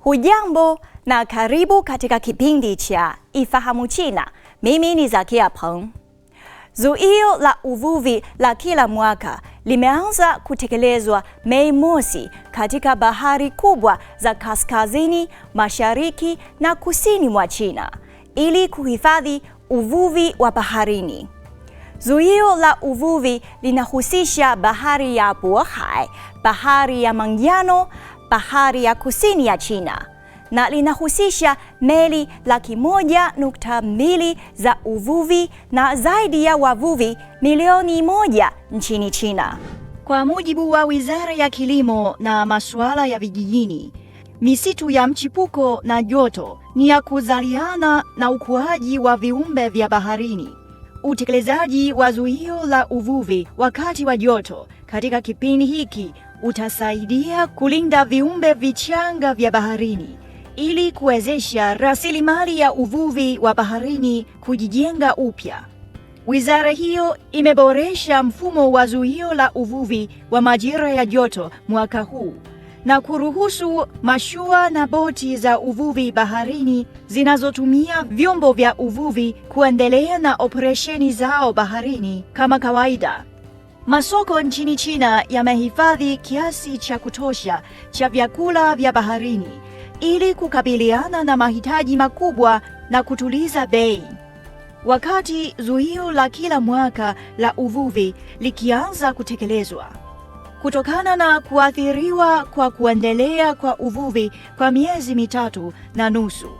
Hujambo na karibu katika kipindi cha Ifahamu China. Mimi ni Zakia Peng. Zuio la uvuvi la kila mwaka limeanza kutekelezwa Mei Mosi katika bahari kubwa za kaskazini, mashariki na kusini mwa China ili kuhifadhi uvuvi wa baharini. Zuio la uvuvi linahusisha bahari ya Bohai, bahari ya Manjano, bahari ya kusini ya China na linahusisha meli laki moja nukta mbili za uvuvi na zaidi ya wavuvi milioni moja nchini China. Kwa mujibu wa Wizara ya Kilimo na Masuala ya Vijijini, misitu ya mchipuko na joto ni ya kuzaliana na ukuaji wa viumbe vya baharini. Utekelezaji wa zuio la uvuvi wakati wa joto katika kipindi hiki utasaidia kulinda viumbe vichanga vya baharini ili kuwezesha rasilimali ya uvuvi wa baharini kujijenga upya. Wizara hiyo imeboresha mfumo wa zuio la uvuvi wa majira ya joto mwaka huu na kuruhusu mashua na boti za uvuvi baharini zinazotumia vyombo vya uvuvi kuendelea na operesheni zao baharini kama kawaida. Masoko nchini China yamehifadhi kiasi cha kutosha cha vyakula vya baharini ili kukabiliana na mahitaji makubwa na kutuliza bei. Wakati zuio la kila mwaka la uvuvi likianza kutekelezwa kutokana na kuathiriwa kwa kuendelea kwa uvuvi kwa miezi mitatu na nusu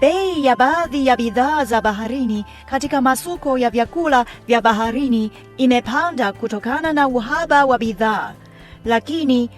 bei ya baadhi ya bidhaa za baharini katika masoko ya vyakula vya baharini imepanda kutokana na uhaba wa bidhaa, lakini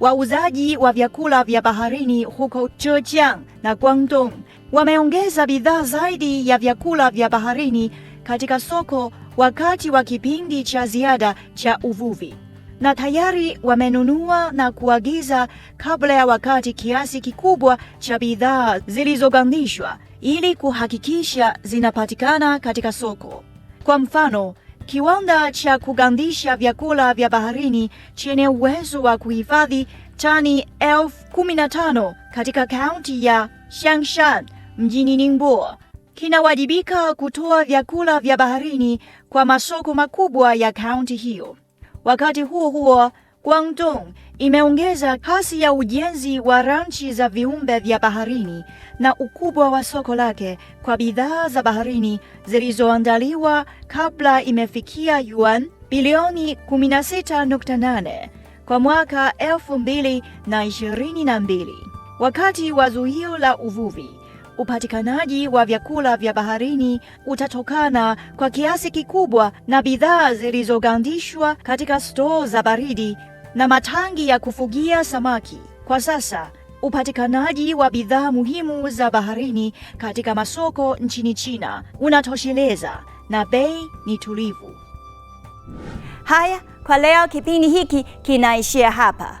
wauzaji wa vyakula vya baharini huko Zhejiang na Guangdong wameongeza bidhaa zaidi ya vyakula vya baharini katika soko wakati wa kipindi cha ziada cha uvuvi na tayari wamenunua na kuagiza kabla ya wakati kiasi kikubwa cha bidhaa zilizogandishwa ili kuhakikisha zinapatikana katika soko. Kwa mfano, kiwanda cha kugandisha vyakula vya baharini chenye uwezo wa kuhifadhi tani elfu kumi na tano katika kaunti ya Xiangshan mjini Ningbo kinawajibika kutoa vyakula vya baharini kwa masoko makubwa ya kaunti hiyo. Wakati huo huo, Guangdong imeongeza kasi ya ujenzi wa ranchi za viumbe vya baharini na ukubwa wa soko lake kwa bidhaa za baharini zilizoandaliwa kabla imefikia yuan bilioni 16.8 kwa mwaka 2022 wakati wa zuio la uvuvi. Upatikanaji wa vyakula vya baharini utatokana kwa kiasi kikubwa na bidhaa zilizogandishwa katika stoo za baridi na matangi ya kufugia samaki. Kwa sasa upatikanaji wa bidhaa muhimu za baharini katika masoko nchini China unatosheleza na bei ni tulivu. Haya, kwa leo kipindi hiki kinaishia hapa.